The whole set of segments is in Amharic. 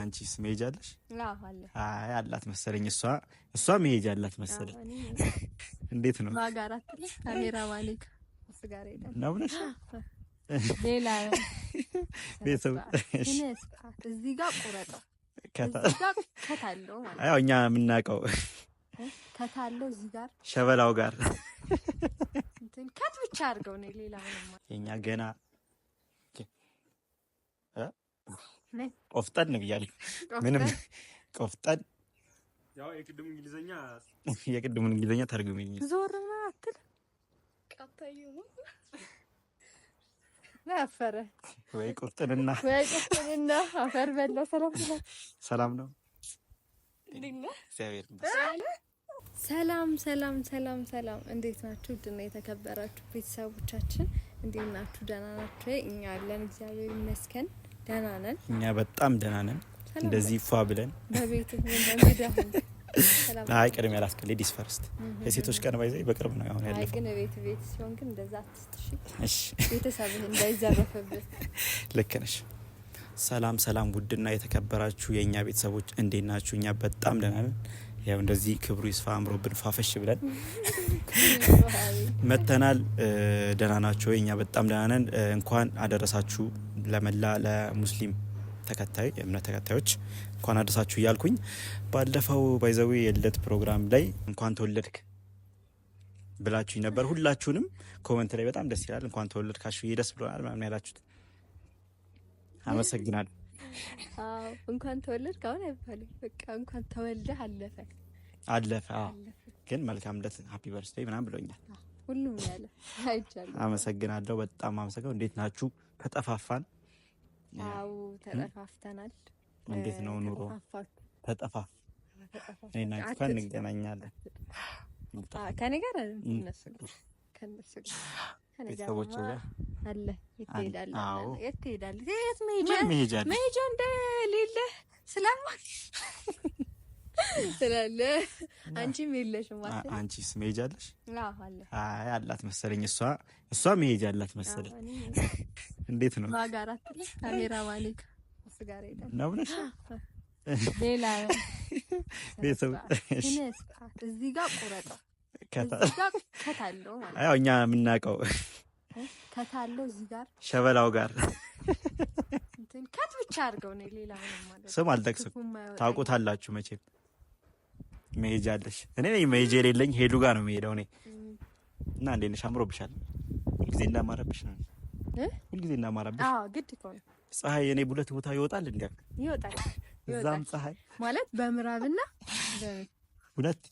አንቺ መሄጃ አለሽ? አይ አላት መሰለኝ። እሷ እሷ መሄጃ አላት መሰለኝ። እንዴት ነው ጋር እዚህ እኛ የምናውቀው ከታለው እዚህ ጋር ሸበላው ጋር ከት ብቻ አድርገው ነው ሌላ የኛ ገና ቆፍጠን ብያለሁ። ምንም ቆፍጠን ያው የቅድሙ እንግሊዘኛ የቅድሙን እንግሊዘኛ ተርጉሚኝ። ዞር ምናምን አትል አፈረ ወይ ቁርጥንና ወይ ቁርጥንና አፈር በለ። ሰላም ነው፣ ሰላም ነው። ሰላም ሰላም ሰላም ሰላም፣ እንዴት ናችሁ? ድና የተከበራችሁ ቤተሰቦቻችን እንዴት ናችሁ? ደህና ናችሁ? እኛ አለን፣ እግዚአብሔር ይመስገን። ደህና ነን። እኛ በጣም ደህና ነን። እንደዚህ ፏ ብለን በቤት አይ ቅድሜ ያላስከ ሌዲስ ፈርስት የሴቶች ቀን ባይዘ በቅርብ ነው አሁን ያለፈው። ግን ቤት ቤት ሲሆን ግን እንደዛ አትስጥሽ ቤተሰብህ እንዳይዘረፍብህ። ልክ ነሽ። ሰላም ሰላም፣ ውድና የተከበራችሁ የእኛ ቤተሰቦች እንዴት ናችሁ? እኛ በጣም ደህና ነን። ያው እንደዚህ ክብሩ ይስፋ አምሮብን ፋፈሽ ብለን መተናል። ደህና ናቸው። እኛ በጣም ደህና ነን። እንኳን አደረሳችሁ ለመላ ለሙስሊም ተከታይ የእምነት ተከታዮች እንኳን አደረሳችሁ እያልኩኝ ባለፈው ባይዘዊ የልደት ፕሮግራም ላይ እንኳን ተወለድክ ብላችሁኝ ነበር። ሁላችሁንም ኮመንት ላይ በጣም ደስ ይላል እንኳን ተወለድካችሁ ደስ ብሎናል ምናምን ያላችሁት አመሰግናል። እንኳን ተወለድ ከሁን አይባልም፣ በቃ እንኳን ተወልደህ አለፈ አለፈ። ግን መልካም ልደት ሀፒ በርስዴይ ምናምን ብሎኛል። ሁሉም ያለ አይቻልም። አመሰግናለሁ። በጣም አመሰግነው። እንዴት ናችሁ? ተጠፋፋን አው ተጠፋፍተናል። እንዴት ነው ኑሮ? ተጠፋፍ እኔና እንኳን እንገናኛለን። ከኔ ጋር እነሱ ከነሱ ቤተሰቦች አለ የት የት መሄጃ መሄጃ እንደሌለ ስላማ ስላለ አንቺም የለሽም። አንቺስ መሄጃ አለሽ? አይ አላት መሰለኝ። እሷ እሷ መሄጃ አላት መሰለኝ። እንዴት ነው ማጋራት? ካሜራ ነው ብለሽ ሌላ ቤተሰብ እዚህ ጋር ቁረጠው ከታለው ያው እኛ የምናውቀው ከታለው እዚህ ጋር ሸበላው ጋር ከት ብቻ አድርገው ነው። ሌላ ስም አልጠቅስም። ታውቁታላችሁ መቼም መሄጃ አለሽ። እኔ ነኝ መሄጃ የሌለኝ ሄዱ ጋር ነው የሚሄደው እኔ እና እንዴት ነሽ? አምሮብሻል። ሁልጊዜ እንዳማረብሽ ነው ሁልጊዜ እንዳማረብሽ። አዎ ግድ እኮ ነው። ፀሐይ እኔ ሁለት ቦታ ይወጣል እንዴ? ይወጣል። እዛም ፀሐይ ማለት በምዕራብና ሁለት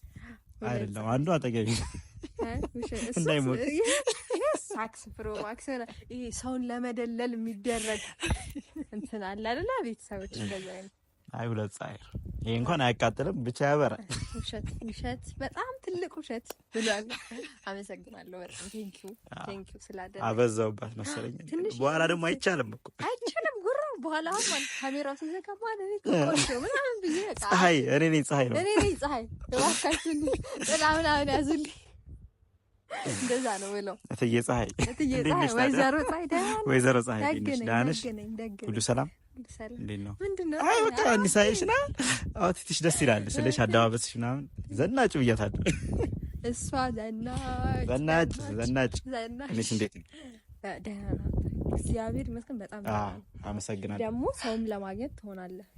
አይደለም አንዱ አጠገቢ እንዳይሞት ሳክስ ፕሮ ማክስ ይሄ ሰውን ለመደለል የሚደረግ እንትን አለ አይደለ? ቤተሰቦች ከዛ አይ ሁለት ፀሐይ ይሄ እንኳን አያቃጥልም፣ ብቻ ያበራል። ውሸት ውሸት፣ በጣም ትልቅ ውሸት ብሏል። አመሰግናለሁ በጣም ቴንኪው ቴንኪው ስላደ አበዛውባት መሰለኝ። በኋላ ደግሞ አይቻልም እኮ አይቻልም፣ ጉራ በኋላ አሁን ማለት ካሜራው ሲዘጋ ማለት ምናምን ብዬ ፀሐይ፣ እኔ ነኝ ፀሐይ ነው እኔ ነኝ ፀሐይ፣ እባካችሁን ጥላ ምናምን ያዙልኝ። እንደዛ ነው ብለው እትዬ ፀሐይ፣ እትዬ ፀሐይ፣ ወይዘሮ ፀሐይ፣ ወይዘሮ ፀሐይ፣ ሁሉ ሰላም እንዲሳይሽ ና አውትፊትሽ ደስ ይላል ስለሽ አደባበስሽ ምናምን ዘናጭ ብያታለሁ። እሷ ዘናጭ ዘናጭ ዘናጭ እንዴት ነው? ደህና ናት፣ እግዚአብሔር ይመስገን። በጣም አመሰግናለሁ። ደግሞ ሰውም ለማግኘት ትሆናለህ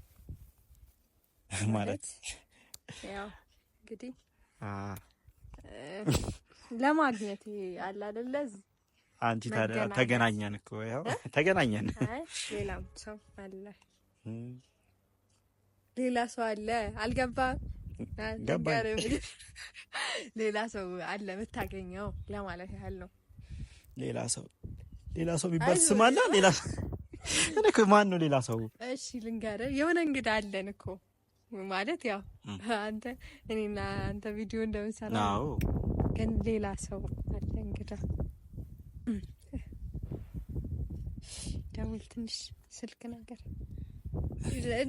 ማለት ያው እንግዲህ ለማግኘት አለ አይደለ አንቺ ተገናኘን እኮ ያው ተገናኘን። ሌላም ሰው አለ፣ ሌላ ሰው አለ። አልገባም ሌላ ሰው አለ የምታገኘው ለማለት ያህል ነው። ሌላ ሰው ሌላ ሰው የሚባል ስም አለ። ሌላ እኔ እኮ ማን ነው ሌላ ሰው? እሺ ልንገርህ፣ የሆነ እንግዳ አለን እኮ ማለት ያው አንተ እኔና አንተ ቪዲዮ እንደምንሰራ ግን ሌላ ሰው አለ እንግዳ ደውል ትንሽ ስልክ ነገር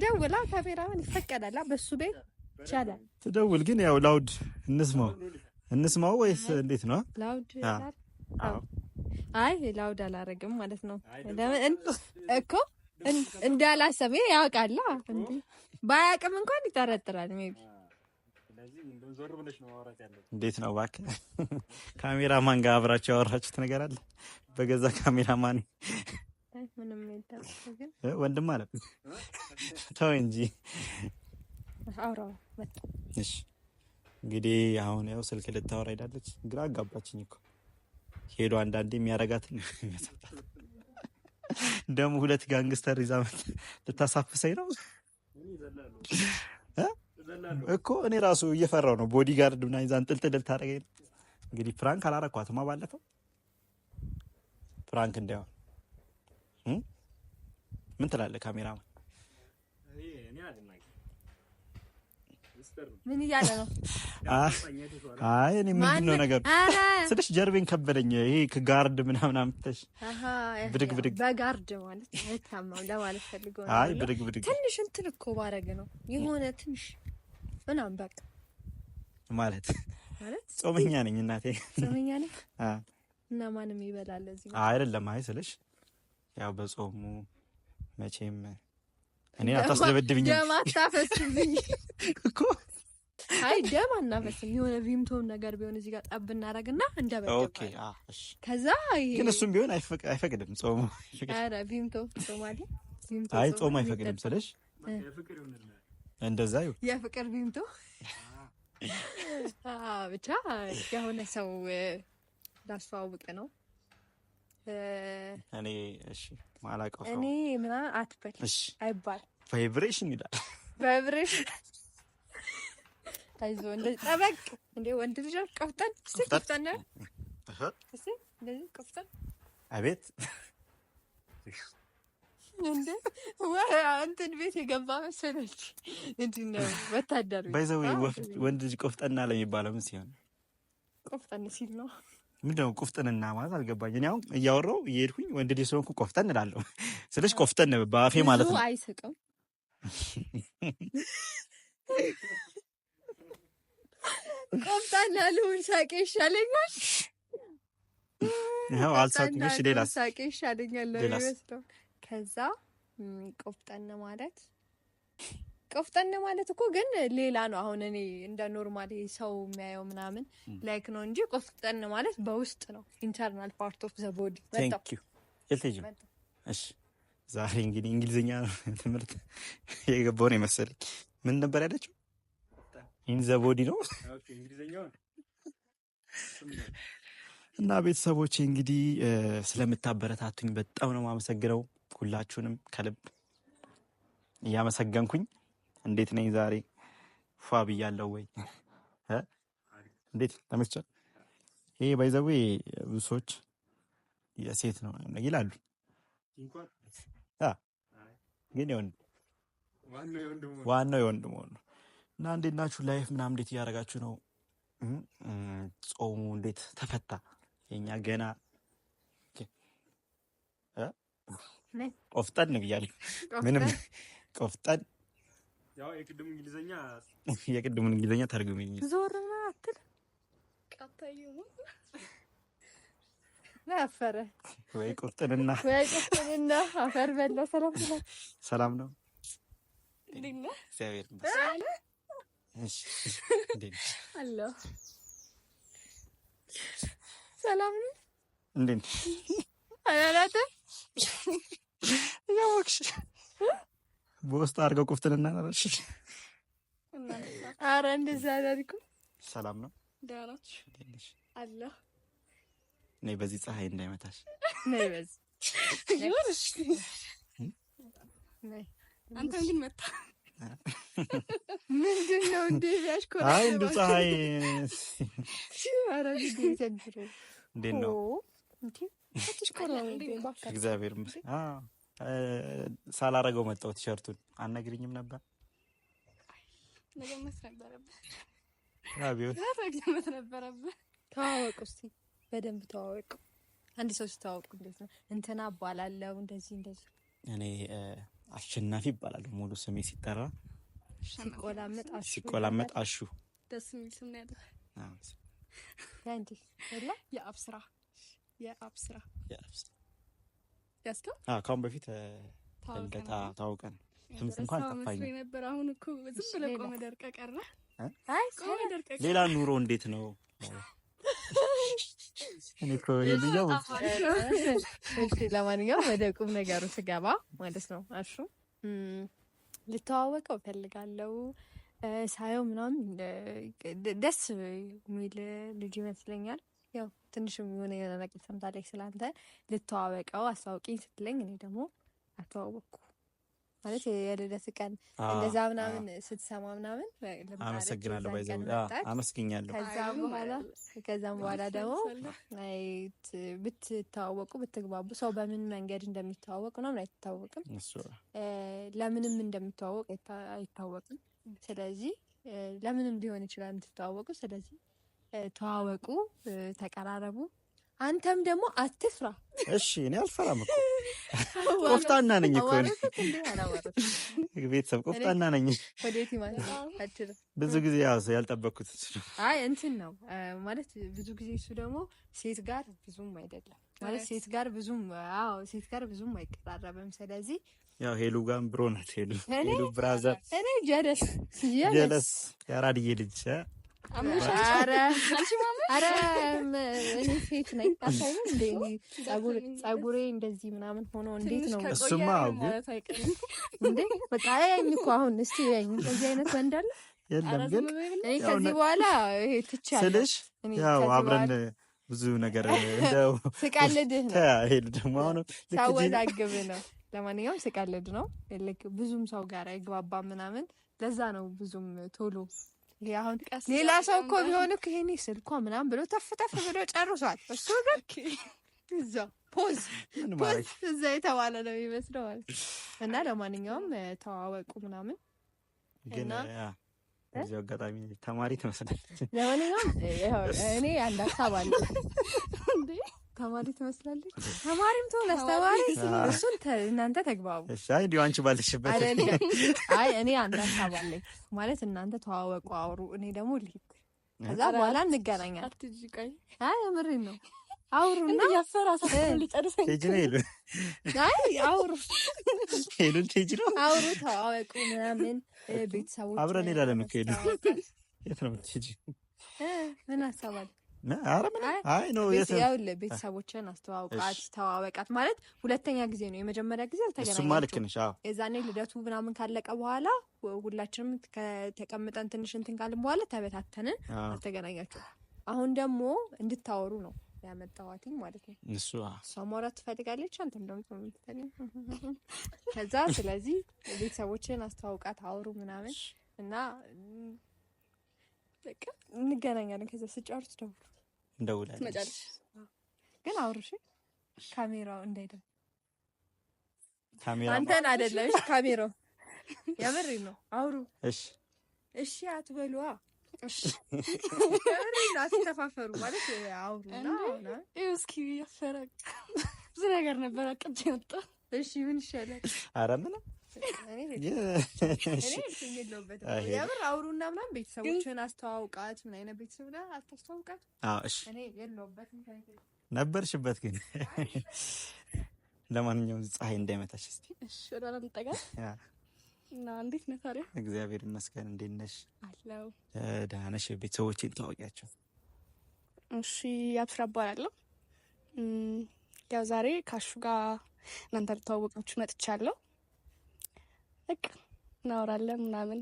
ደውላ ካሜራውን ይፈቀዳላ በሱ ቤት ይቻላል። ትደውል ግን ያው ላውድ እንስማው እንስማው ወይስ እንዴት ነው? ላውድ አይ ላውድ አላረግም ማለት ነው እኮ እንዳላሰበ ያውቃላ። እንዴ እንኳን ይጠረጥራል። ሜቢ እንዴት ነው እባክህ፣ ካሜራማን ጋር አብራችሁ ያወራችሁት ነገር አለ? በገዛ ካሜራማን ወንድም አለ ተው እንጂ እንግዲህ አሁን ያው ስልክ ልታወራ ሄዳለች። ግራ አጋባችኝ እኮ ሄዶ አንዳንዴ የሚያረጋትን ደግሞ ሁለት ጋንግስተር ይዛ ልታሳፍሰኝ ነው እኮ እኔ ራሱ እየፈራው ነው። ቦዲ ጋርድ ምናምን ይዛ እንጥልጥል ልታደርገኝ ነው። እንግዲህ ፍራንክ አላረኳትማ ባለፈው ፍራንክ እንዳይሆን ምን ትላለህ? ካሜራማን ምን እያለ ነው? አይ እኔ ምንድን ነው ነገሩ ስልሽ ጀርቤን ከበደኝ። ይሄ ከጋርድ ምናምን አምጥተሽ ብድግ ብድግ በጋርድ ማለት አይታማም ለማለት ፈልገው ነው። አይ ብድግ ብድግ ትንሽ እንትን እኮ ባረገ ነው የሆነ ትንሽ ምናምን በቃ ማለት ማለት ጾመኛ ነኝ እናቴ ጾመኛ ነኝ እና ማንም ይበላል እዚህ አይደለም። አይ ስልሽ ያው በጾሙ መቼም እኔ አታስደበድብኝ ማታፈስብኝ እኮ አይ ደም አናፈስም። የሆነ ቪምቶን ነገር ቢሆን እዚህ ጋር ጠብ እናደርግና እንደበደባል። ከዛ ግን እሱም ቢሆን አይፈቅድም ጾሙ። ቪምቶ አይ ጾሙ አይፈቅድም ስለሽ እንደዛ የፍቅር ቪምቶ ብቻ የሆነ ሰው ላስተዋውቅ ነው እኔ እሺ ማላውቀው እኔ ምናምን አትበል። እሺ አይባል ቫይብሬሽን ይላል። ቫይብሬሽን ታይዞ እንደዚህ ጠበቅ እንዴ ወንድ ልጅ ቀፍጠን ቀፍጠን እሺ እንደዚህ ቀፍጠን አቤት እንደ እንትን ቤት የገባ መሰለች እንትን ነው ወታደር ባይዘው ወንድ ልጅ ቆፍጠና ለሚባለው ምን ሲሆን ቆፍጠን ሲል ነው ምንድነው ቆፍጠንና ማለት አልገባኝ። እኔ አሁን እያወራው እየሄድኩኝ ወንድ ልጅ ስለሆንኩ ቆፍጠን እላለሁ። ስለሽ ቆፍጠን በአፌ ማለት ነው። አይስቅም ቆፍጠን ያለውን ሳቄ ይሻለኛል። ይኸው አልሳቅሽ፣ ሌላ ሳቄ ይሻለኛል። ከዛ ቆፍጠን ማለት ቆፍጠን ማለት እኮ ግን ሌላ ነው። አሁን እኔ እንደ ኖርማል ሰው የሚያየው ምናምን ላይክ ነው እንጂ ቆፍጠን ማለት በውስጥ ነው፣ ኢንተርናል ፓርት ኦፍ ዘ ቦዲ። እሺ ዛሬ እንግዲህ እንግሊዝኛ ትምህርት የገባውን የመሰለኝ ምን ነበር ያለችው? ኢን ዘ ቦዲ ነው እና ቤተሰቦቼ እንግዲህ ስለምታበረታቱኝ በጣም ነው የማመሰግነው። ሁላችሁንም ከልብ እያመሰገንኩኝ እንዴት ነኝ? ዛሬ ፏ ብያለሁ ወይ? እንዴት ተመችቶሃል? ይሄ ባይዘዌ ብዙ ሰዎች የሴት ነው ይላሉ፣ ግን የወንድ ዋናው የወንድ ነው እና እንዴት ናችሁ? ላይፍ ምናምን እንዴት እያደረጋችሁ ነው? ጾሙ እንዴት ተፈታ? የኛ ገና ቆፍጠን ብያለሁ። ምንም ቆፍጠን ያው የቅድም እንግሊዘኛ የቅድም እንግሊዘኛ ተርጉሚኝ። ዞር በል አትል ቀጣዩ አፈረ ወይ ቁርጥንና ወይ ቁርጥንና አፈር በለ። ሰላም ነው፣ ሰላም ነው። እንዴት ነህ? እግዚአብሔር ይመስገን። እሺ፣ ሰላም ነው። እንዴት ነህ? አላላተ ያወክሽ በውስጥ አድርገው ቁፍትንና አረ እንደዛ አላልኩ። ሰላም ነው አለ። ነይ በዚህ ፀሐይ እንዳይመታሽ ነይ በዚህ ግን መታ ምንድን ነው እንዴ ያሽኮራ አንዱ ፀሐይ እንዴት ነው እግዚአብሔር ይመስገን ሳላረገው መጣው። ቲሸርቱን አነግሪኝም ነበር መገመት ነበረብህ። ተዋወቁ፣ እስኪ በደንብ ተዋወቁ። አንድ ሰው ሲተዋወቁ እንዴት ነው? እንትና እባላለሁ እንደዚህ እንደዚህ። እኔ አሸናፊ እባላለሁ ሙሉ ስሜ ሲጠራ። ሲቆላመጥ አሹ ደስ የሚል ስም ነው ያለው። የአብ የአብስራ የአብስራ ስራ ያስከው ከአሁን በፊት ልደታ ታውቀን ስምስ እንኳን ጠፋኝ ነበር። አሁን እኮ ዝም ብለህ ቆመህ ደርቀህ ቀረህ። ሌላ ኑሮ እንዴት ነው? እኔ እኮ የልየው ለማንኛውም ወደ ቁም ነገሩ ስገባ ማለት ነው አሹ ልተዋወቀው ፈልጋለው ሳየው ምናምን ደስ የሚል ልጅ ይመስለኛል። ትንሽም የሆነ የሆነ ነገር ሰምታለች ስላንተ ልተዋወቀው አስተዋውቂኝ ስትለኝ እኔ ደግሞ አተዋወቅኩ ማለት የልደት ቀን እንደዛ ምናምን ስትሰማ ምናምን አመሰግናለሁ አመስግኛለሁ። ከዛ በኋላ ከዛም በኋላ ደግሞ ብትተዋወቁ ብትግባቡ ሰው በምን መንገድ እንደሚተዋወቅ ምናምን አይታወቅም፣ ለምንም እንደሚተዋወቅ አይታወቅም። ስለዚህ ለምንም ሊሆን ይችላል የምትተዋወቁ። ስለዚህ ተዋወቁ፣ ተቀራረቡ። አንተም ደግሞ አትፍራ። እሺ፣ እኔ አልፈራም እኮ ቆፍጣና ነኝ እኮ ቤተሰብ ቆፍጣና ነኝ። ብዙ ጊዜ ያው ያልጠበቅኩት አይ እንትን ነው ማለት ብዙ ጊዜ እሱ ደግሞ ሴት ጋር ብዙም አይደለም ማለት ሴት ጋር ብዙም አዎ፣ ሴት ጋር ብዙም አይቀራረብም። ስለዚህ ያው ሄሉ ጋር ብሮ ናት። ሄሉ ሄሉ ብራዘር ጀለስ ጀለስ ያራድዬ ልጅ ጸጉሬ እንደዚህ ምናምን ሆኖ እንዴት ነው? እሱማ እንደ በቃ ያኝ እኮ አሁን እስቲ ያኝ እንደዚህ አይነት ወንድ አለ የለም። ግን ከዚህ በኋላ ይሄ ትቻለሁ ያው አብረን ብዙ ነገር እንደው ስቃልድህ ነው። ይሄ ደግሞ አሁን ሳወዛግብህ ነው። ለማንኛውም ስቃልድ ነው። ልክ ብዙም ሰው ጋር አይግባባ ምናምን። ለዛ ነው ብዙም ቶሎ አሁን ሌላ ሰው እኮ ቢሆን እኮ ይሄኔ ስልኳ ምናምን ብሎ ተፍ ተፍ ብሎ ጨርሷል። እሱ ግን እዛ ፖዝ ፖዝ እዛ የተባለ ነው የሚመስለው እና ለማንኛውም ተዋወቁ ምናምን ግን እዚህ አጋጣሚ ተማሪ ትመስላለች። ለማንኛውም እኔ አንድ ሀሳብ አለ ተማሪ ትመስላለች። ተማሪም ትሆን አስተማሪ እሱን እናንተ ተግባቡ። እንዲሁ አንቺ ባለሽበት። አይ እኔ አንድ ሀሳብ አለኝ ማለት እናንተ ተዋወቁ፣ አውሩ፣ እኔ ደግሞ ልሂድ፣ ከዛ በኋላ እንገናኛለን። አይ ምሬ ነው። አውሩና ምን ሀሳብ ቤተሰቦችን አስተዋውቃት ተዋወቃት ማለት ሁለተኛ ጊዜ ነው። የመጀመሪያ ጊዜ አልተገናኛችሁም። የዛኔ ልደቱ ምናምን ካለቀ በኋላ ሁላችንም ከተቀምጠን ትንሽ እንትን ካልን በኋላ ተበታተንን፣ አልተገናኛችሁም። አሁን ደግሞ እንድታወሩ ነው ያመጣዋትኝ ማለት ነው። እሷ ማውራት ትፈልጋለች፣ አንተም ደግሞ ከዛ ስለዚህ ቤተሰቦችን አስተዋውቃት አውሩ ምናምን እና በቃ እንገናኛለን። ከዛ ስጨርስ ደውል እንደውላለን። ትመጫለሽ ግን አውርሽ ካሜራው እንዳይደል ካሜራ አንተን አይደለም። እሺ ካሜራው የምሬ ነው። አውሩ። እሺ እሺ አትበሏ። እሺ የምሬ አትተፋፈሩ ማለት አውሩና እስኪ ያፈራቅ ብዙ ነገር ነበር አቅድ ያወጣ። እሺ ምን ይሻላል? አረ ምንም የምር አውሩና ምናምን ቤተሰቦችን አስተዋውቃት ምን አይነት ቤተሰብ አታስተዋውቃት። እኔ የለሁበትም ነበርሽበት ግን ለማንኛውም ፀሐይ እንዳይመታሽ እስኪ እና እንዴት ነህ ታዲያ? እግዚአብሔር ይመስገን። እንዴት ነሽ? አለው ደህና ነሽ? ቤተሰቦቼን ታወቂያቸው? እሺ፣ አብስራ እባላለሁ። ያው ዛሬ ካሹ ጋር እናንተ ልተዋወቃችሁ መጥቻለሁ። በቃ እናወራለን ምናምን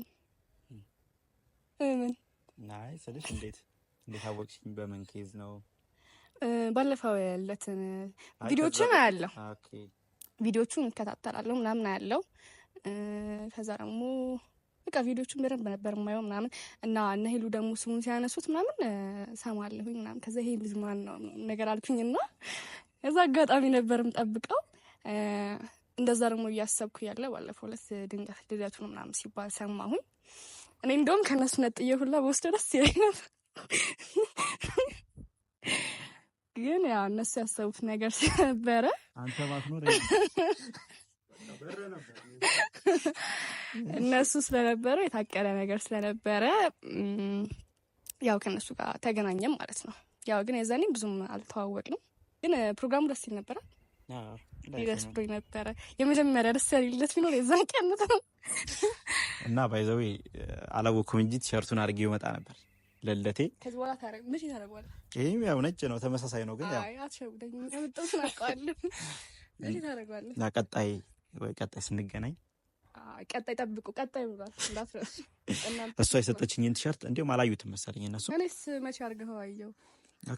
ምን ናይ ስልሽ እንዴት እንዴት አወቅሽኝ? በምን ኬዝ ነው? ባለፈው ያለትን ቪዲዮችን አያለሁ፣ ቪዲዮቹን እንከታተላለሁ ምናምን አያለው። ከዛ ደግሞ በቃ ቪዲዮቹን በደንብ ነበር የማየው ምናምን እና እነ ሄሉ ደግሞ ስሙን ሲያነሱት ምናምን ሰማለሁኝ ምናምን። ከዛ ይሄ ልጅ ማን ነው ነገር አልኩኝ እና እዛ አጋጣሚ ነበርም ጠብቀው እንደዛ ደግሞ እያሰብኩ ያለ ባለፈው ዕለት ድንገት ልደቱ ነው ምናምን ሲባል ሰማሁኝ። እኔ እንደውም ከእነሱ ነጥዬ ሁላ በወስደው ደስ ይለኝ ነበር፣ ግን ያው እነሱ ያሰቡት ነገር ስለነበረ እነሱ ስለነበረ የታቀደ ነገር ስለነበረ ያው ከእነሱ ጋር ተገናኘም ማለት ነው። ያው ግን የዛኔ ብዙም አልተዋወቅንም፣ ግን ፕሮግራሙ ደስ ይል ነበራል። ይደስብኝ ነበረ። የመጀመሪያ ደስ ያለለት ቢኖር የዛን ቀንት ነው እና ባይዘዊ አላወኩም እንጂ ቲሸርቱን አድርጌ ይመጣ ነበር ለለቴ ይህም ያው ነጭ ነው፣ ተመሳሳይ ነው። ግን ቀጣይ ወይ ቀጣይ ስንገናኝ ቀጣይ ጠብቁ፣ ቀጣይ ብሏል። እሷ የሰጠችኝን ቲሸርት እንዲሁም አላዩትም መሰለኝ እነሱ። እኔስ መቼ አድርገኸው አየው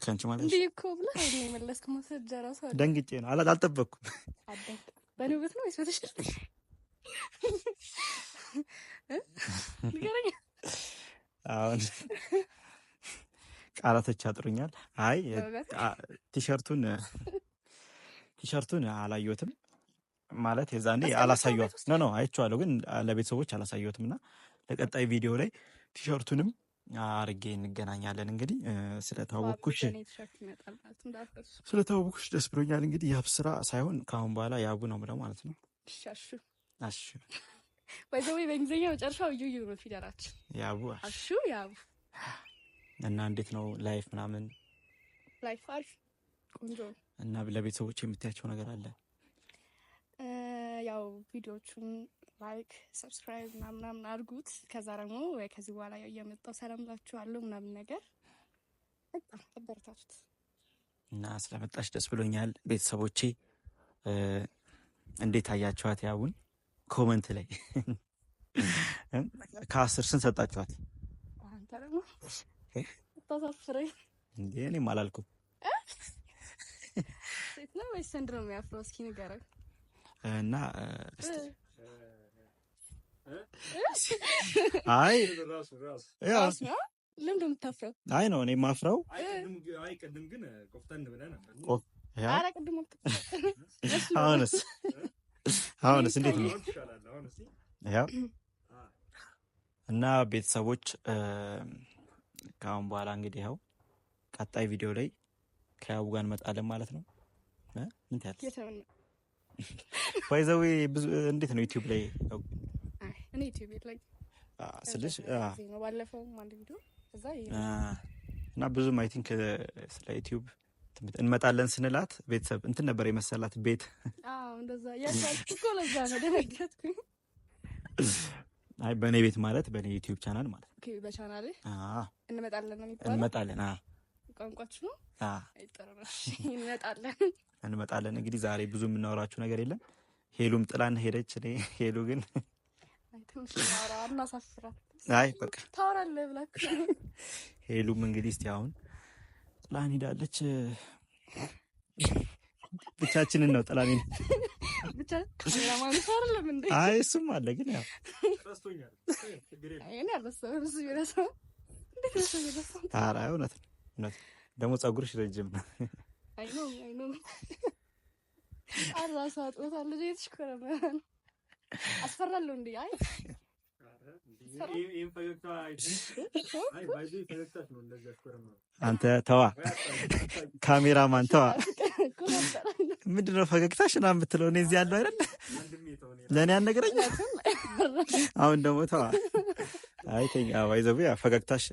አንቺ ማለት እንዴ እኮ ብላ የመለስኩ መሰጃ ራሱ ደንግጬ ነው። ነው ንገረኝ። አሁን ቃላቶች አጥሩኛል። አይ ቲሸርቱን ቲሸርቱን አላየሁትም ማለት የዛኔ አላሳየኋት ነው ነው አይቼዋለሁ፣ ግን ለቤተሰቦች አላሳየሁትም እና ለቀጣይ ቪዲዮ ላይ ቲሸርቱንም አርጌ እንገናኛለን። እንግዲህ ስለታወቅኩሽ ስለታወቅኩሽ ደስ ብሎኛል። እንግዲህ ያብ ስራ ሳይሆን ከአሁን በኋላ የአቡ ነው ብለው ማለት ነው። አሹ ወይዘዌ በእንግሊዝኛ መጨረሻው እዩ ነው ፊደራችን። ያቡ አሹ ያቡ። እና እንዴት ነው ላይፍ ምናምን? ላይፍ አሪፍ ቆንጆ እና ለቤተሰቦች የምታያቸው ነገር አለ ያው ቪዲዮቹን ላይክ ሰብስክራይብ ምናምናምን አድርጉት። ከዛ ደግሞ ወይ ከዚህ በኋላ ያው እየመጣው ሰላም ላችኋለሁ ምናምን ነገር በጣም አበረታቱት እና ስለመጣሽ ደስ ብሎኛል። ቤተሰቦቼ እንዴት አያችኋት? ያውን ኮመንት ላይ ከአስር ስንት ሰጣችኋት? አንተ ደግሞ እኔም አላልኩም ሴት ነው ወይስ ወንድ ነው የሚያፍረው? እስኪ ንገረኝ እና አይ ለምን የምታፍረው? አይ ነው እኔ ማፍረው። አይ ቅድም ግን ቆፍጠን ብለህ ነበር። ቅድም አሁንስ አሁንስ እንዴት ነው? እና ቤተሰቦች ከአሁን በኋላ እንግዲህ ያው ቀጣይ ቪዲዮ ላይ ከያቡ ጋር እንመጣለን ማለት ነው። ምን ያለ ባይዘዌ ብዙ እንዴት ነው ዩቲዩብ ላይ እና ብዙ አይ ቲንክ ስለ ዩቲዩብ እንመጣለን ስንላት ቤተሰብ እንትን ነበር የመሰላት ቤት አይ በእኔ ቤት ማለት በእኔ ዩቲዩብ ቻናል ማለት በቻናል እንመጣለን ነው ቋንቋችሁ ነው። እንመጣለን እንመጣለን። እንግዲህ ዛሬ ብዙ የምናወራችሁ ነገር የለም። ሄሉም ጥላን ሄደች። እኔ ሄሉ ግን አይ በቃ ታወራለህ ብላችሁ ሄሉም እንግዲህ እስቲ አሁን ጥላን ሄዳለች። ብቻችንን ነው ጥላን አይ እሱም አለ ግን ያው እውነት ነው። ደግሞ ፀጉርሽ ረጅም ነው። አይኖም አይኖም አራሳ አጥቶታል። አስፈራለሁ እንዴ? አይ አንተ ተዋ፣ ካሜራማን ተዋ። ምንድን ነው ፈገግታሽ የምትለው? እኔ እዚህ ያለው አይደለ ለእኔ ያልነገረኝ። አሁን ደግሞ ተዋ። አይ ተኛ። ባይዘቡ ፈገግታሽ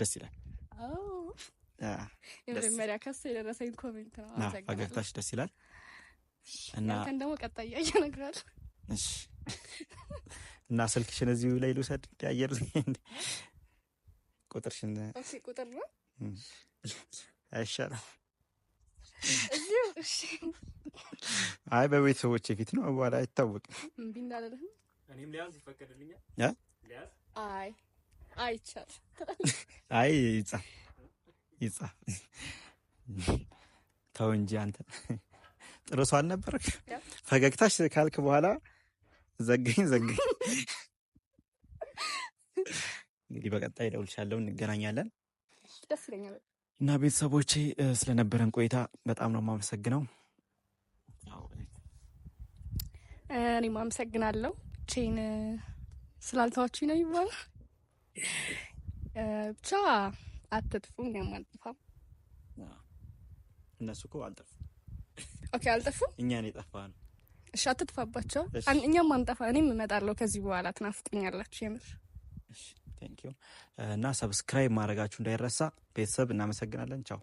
ደስ ይላል። የመጀመሪያ ከሱ የደረሰኝ ኮሜንት ነው። ፈገግታሽ ደስ ይላል እና ከን ደግሞ ቀጣይ እያየ ነግራል እና ስልክሽን እዚሁ ላይ ልውሰድ አየር ቁጥርሽን ቁጥር ነው አይሻልም? አይ በቤተሰቦች ፊት ነው በኋላ አይታወቅም። እምቢ እንዳላለህም እኔም ሊያዝ ይፈቀድልኛል። አይ አይቻልም። አይ ይጻ ይጻፍ። ተው እንጂ አንተ ጥሩ ሰው አልነበርክ። ፈገግታሽ ካልክ በኋላ ዘገኝ ዘገኝ። እንግዲህ በቀጣይ እደውልልሻለሁ፣ እንገናኛለን። ደስ ይለኛል። እና ቤተሰቦቼ ስለነበረን ቆይታ በጣም ነው የማመሰግነው። እኔ አመሰግናለሁ። ቼን ስላልተዋችኝ ነው ይባላል ብቻ አትጥፉም እኛም አልጠፋም። እነሱ እኮ አልጠፉም። ኦኬ አልጠፉም፣ እኛ ነው ነው። እሺ አትጥፋባቸው፣ እኛም አንጠፋ። እኔም እመጣለሁ ከዚህ በኋላ ትናፍቁኛላችሁ የምር እና ሰብስክራይብ ማድረጋችሁ እንዳይረሳ ቤተሰብ። እናመሰግናለን። ቻው